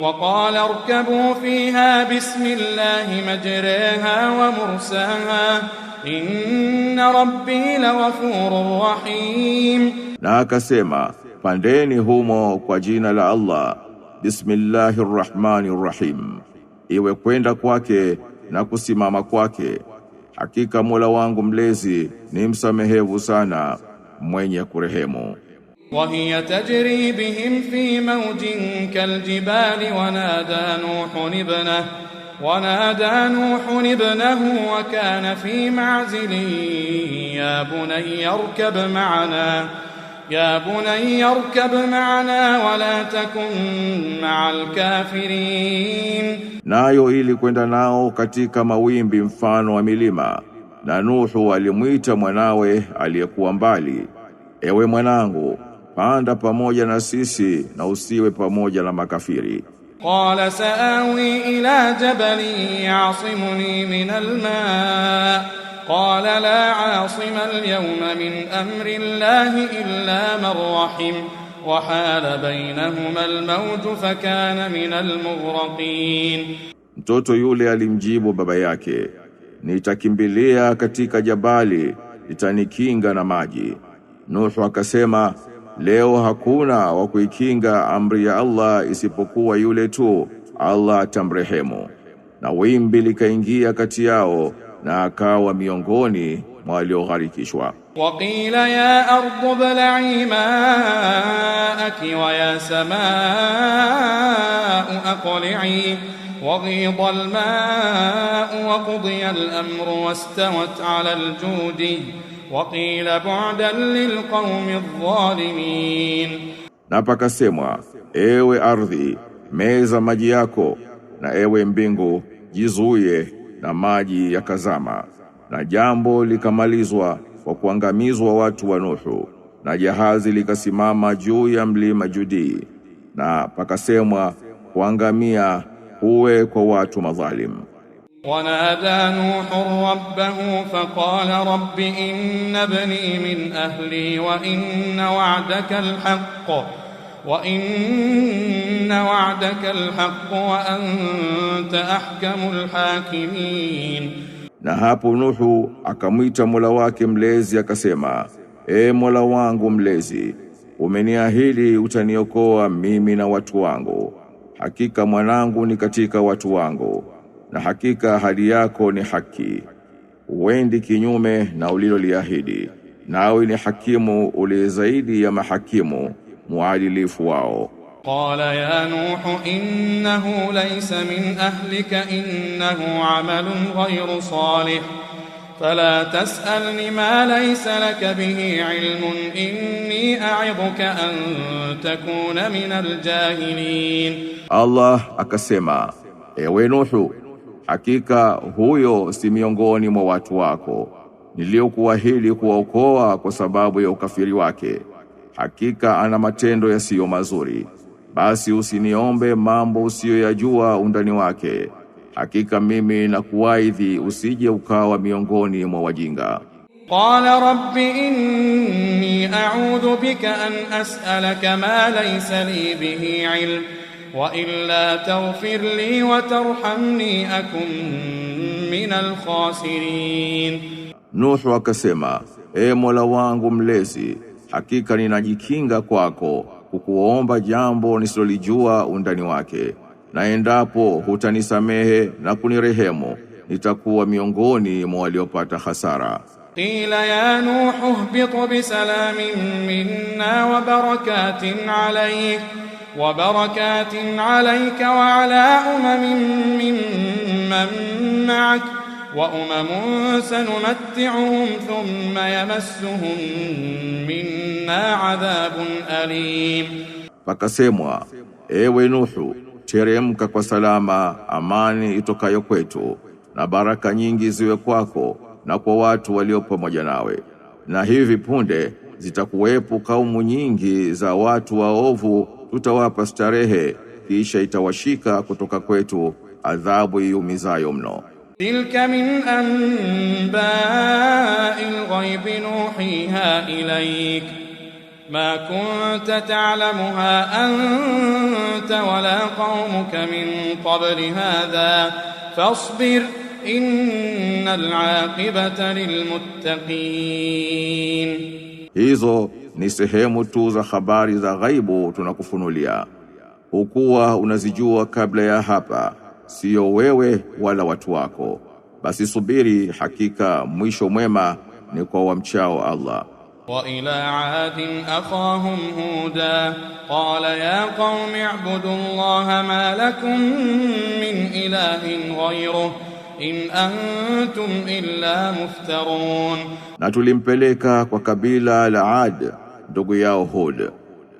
وقال اركبوا فيها بسم الله مجريها ومرساها inna ربي لغفور رحيم na akasema pandeni humo kwa jina la Allah bismillahir rahmanir rahim, iwe kwenda kwake na kusimama kwake, hakika Mola wangu mlezi ni msamehevu sana mwenye kurehemu. وهي تجري بهم في موج كالجبال ونادى نوح ابنه ونادى نوح ابنه وكان في معزل يا بني اركب معنا يا بني اركب معنا ولا تكن مع الكافرين nayo ili kwenda nao katika mawimbi mfano wa milima na Nuhu alimwita mwanawe aliyekuwa mbali ewe mwanangu panda pamoja na sisi na usiwe pamoja na makafiri. Qala saawi ila jabalin yasimuni min alma qala la asima alyawma min amri llahi illa man rahim wa hala bainahuma almawju fakana min almughraqin, mtoto yule alimjibu baba yake, nitakimbilia katika jabali litanikinga na maji. Nuhu akasema Leo hakuna wa kuikinga amri ya Allah isipokuwa yule tu Allah atamrehemu. Na wimbi likaingia kati yao na akawa miongoni mwa waliogharikishwa. Waqila ya ardu balai maaki wa ya samau aqli'i waghida almau waqudiya alamru wastawat ala aljudi وقيل بعدا للقوم الظالمين na pakasemwa, ewe ardhi meza maji yako, na ewe mbingu jizuie na maji yakazama. Na jambo likamalizwa kwa kuangamizwa watu wa Nuhu, na jahazi likasimama juu ya mlima Judi, na pakasemwa kuangamia uwe kwa watu madhalimu. ونادى نوح ربه فقال رب إن ابني من أهلي وإن وعدك الحق وإن وعدك الحق وأنت أحكم الحاكمين na hapo Nuhu akamwita Mola wake mlezi akasema, E Mola wangu mlezi, umeniahidi utaniokoa mimi na watu wangu, hakika mwanangu ni katika watu wangu na hakika ahadi yako ni haki, uendi kinyume na uliloliahidi, nawe ni hakimu uliye zaidi ya mahakimu muadilifu wao. Qala ya Nuh innahu laysa min ahlika innahu amalun ghayru salih fala tasalni ma laysa laka bihi ilmun inni a'idhuka an takuna min aljahilin. Allah akasema, ewe Nuhu Hakika huyo si miongoni mwa watu wako niliyokuahidi kuwaokoa kwa sababu ya ukafiri wake. Hakika ana matendo yasiyo mazuri. Basi usiniombe mambo usiyoyajua undani wake. Hakika mimi nakuwaidhi usije ukawa miongoni mwa wajinga. Qala rabbi inni a'udhu bika an as'alaka ma laysa li bihi ilm وإلا تغفر لي وترحمني akum min alkhasirin. Nuhu akasema, E Mola wangu mlezi, hakika ninajikinga kwako kukuomba jambo nisilolijua undani wake, na endapo hutanisamehe na kunirehemu nitakuwa miongoni mwa waliopata hasara. Qila ya Nuhu ihbit bisalamin minna wa barakatin alayk وبركات عليك وعلى أمم من من معك وأمم سنمتعهم ثم يمسهم منا adhabun alim, pakasemwa ewe Nuhu, teremka kwa salama, amani itokayo kwetu na baraka nyingi ziwe kwako na kwa watu walio pamoja nawe, na hivi punde zitakuwepo kaumu nyingi za watu waovu tutawapa starehe kisha itawashika kutoka kwetu adhabu iumizayo mno. Tilka min anbai ghaibi nuhiha ilayk ma kunta ta'lamuha anta wala qaumuka min qabli hadha fasbir inna al'aqibata lilmuttaqin hizo ni sehemu tu za habari za ghaibu tunakufunulia, hukuwa unazijua kabla ya hapa, siyo wewe wala watu wako. Basi subiri, hakika mwisho mwema ni kwa wamchao Allah. wa ila adin akhahum huda qala ya qaumi ibudu llaha ma lakum min ilahin ghayruhu in antum illa muftarun, na tulimpeleka kwa kabila la Ad ndugu yao Hud,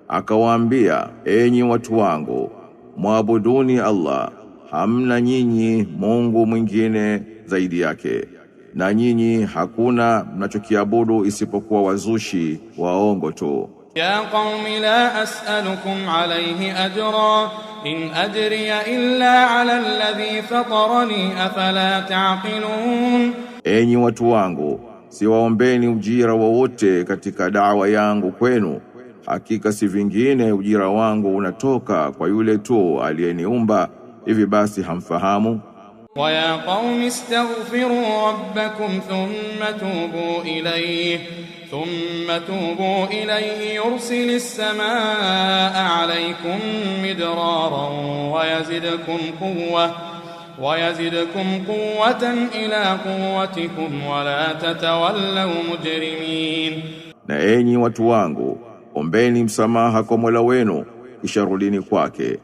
akawaambia enyi watu wangu, mwabuduni Allah, hamna nyinyi Mungu mwingine zaidi yake, na nyinyi hakuna mnachokiabudu isipokuwa wazushi waongo tu. ya qaumi la as'alukum alayhi ajra إن أجري إلا ala alladhi fatarani afala taqilun, enyi watu wangu siwaombeni ujira wowote katika dawa yangu kwenu, hakika si vingine ujira wangu unatoka kwa yule tu aliyeniumba, hivi basi hamfahamu? ويا قوم استغفروا ربكم ثم توبوا إليه ثم توبوا إليه يرسل السماء عليكم مدرارا ويزدكم قوة ويزدكم قوة إلى قوتكم ولا تتولوا مجرمين na enyi watu wangu ombeni msamaha kwa Mola wenu kisha rudini kwake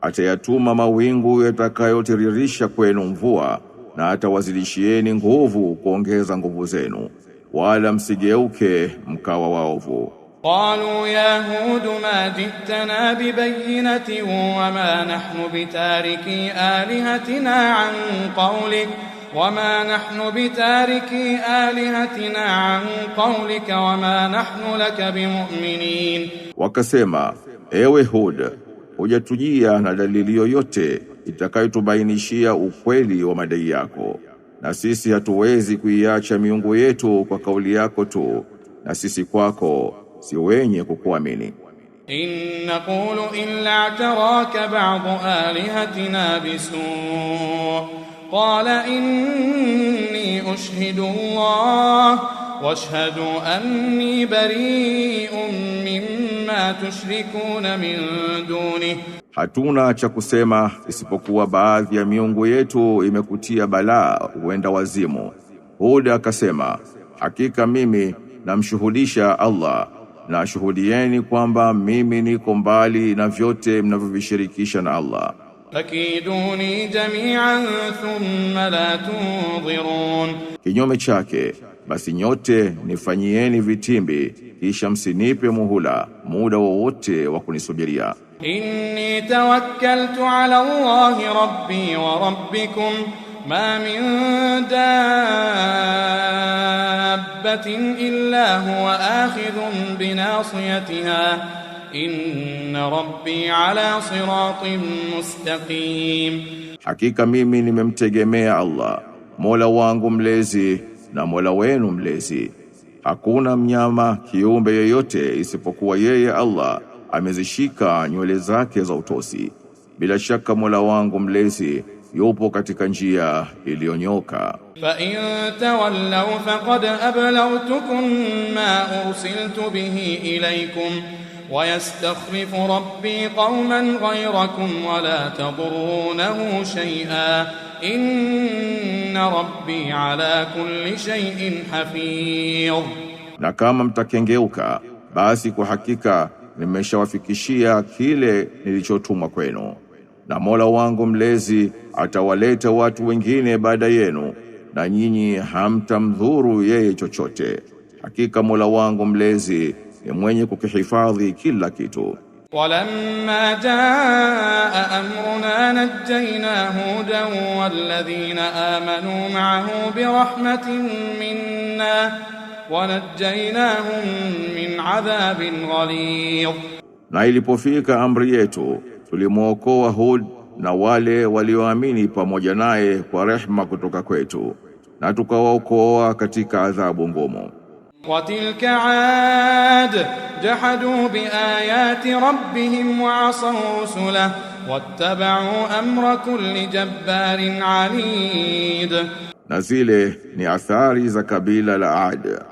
atayatuma mawingu yatakayotiririsha kwenu mvua na atawazilishieni nguvu kuongeza nguvu zenu, wala msigeuke mkawa waovu. Qalu ya Hud ma jitana wa ma nahnu bitariki alihatina an qawlik ma nahnu bitariki alihatina an wa ma nahnu laka bimuminin, wakasema ewe Hud hujatujia na dalili yoyote itakayotubainishia ukweli wa madai yako, na sisi hatuwezi kuiacha miungu yetu kwa kauli yako tu, na sisi kwako si wenye kukuamini. In naqulu illa taraka ba'd alihatina bisu qala inni ushhidu Allah washhadu anni bari'un mimma ma tushrikuna min duni, hatuna cha kusema isipokuwa baadhi ya miungu yetu imekutia balaa, huenda wazimu. Hud akasema hakika mimi namshuhudisha Allah na shuhudieni kwamba mimi niko mbali na vyote mnavyovishirikisha na Allah. Fakiduni jami'an thumma la tunzirun, kinyume chake basi nyote nifanyieni vitimbi kisha msinipe muhula muda wowote wa, wa kunisubiria. inni tawakkaltu ala Allahi rabbi wa rabbikum ma min dabbatin illa huwa akhidhun binasiyatiha inna rabbi ala siratin mustaqim, hakika mimi nimemtegemea Allah mola wangu mlezi na mola wenu mlezi hakuna mnyama kiumbe yeyote isipokuwa yeye Allah amezishika nywele zake za utosi. Bila shaka Mola wangu mlezi yupo katika njia iliyonyoka. fa in tawallaw faqad ablawtukum ma ursiltu bihi ilaykum wa yastakhlifu rabbi qauman ghayrakum wa la tadurrunahu shay'an inna rabbi ala kulli shay'in hafiz, na kama mtakengeuka basi kwa hakika nimeshawafikishia kile nilichotumwa kwenu, na Mola wangu mlezi atawaleta watu wengine baada yenu, na nyinyi hamtamdhuru yeye chochote. Hakika Mola wangu mlezi ni mwenye kukihifadhi kila kitu. walamma jaa amruna najjayna والذين آمنوا معه برحمة منا ونجيناهم من عذاب غليظ na ilipofika amri yetu tulimwokoa Hud na wale walioamini pamoja naye kwa rehma kutoka kwetu na tukawaokoa katika adhabu ngumu. wa tilka ad jahadu bi ayati rabbihim wa asaw rusulahu واتبعوا amra kulli jabbarin anid, na zile ni athari za kabila la Ad.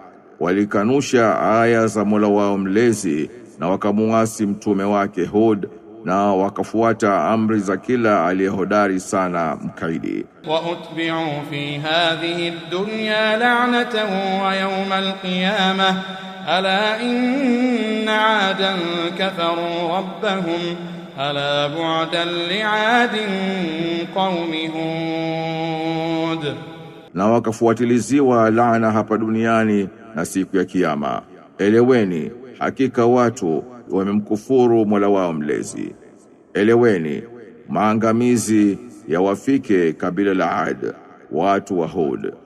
Walikanusha aya za Mola wao mlezi na wakamuasi mtume wake Hud na wakafuata amri za kila aliyehodari sana mkaidi. wa utbi'u fi hadhihi ad-dunya la'natan wa yawm al-qiyamah ala inna 'adan kafaru rabbahum ألا بعدا لعاد قوم هود na wakafuatiliziwa laana hapa duniani na siku ya kiyama. Eleweni, hakika watu wamemkufuru Mola wao mlezi. Eleweni, maangamizi yawafike kabila la Ad, watu wa Hud.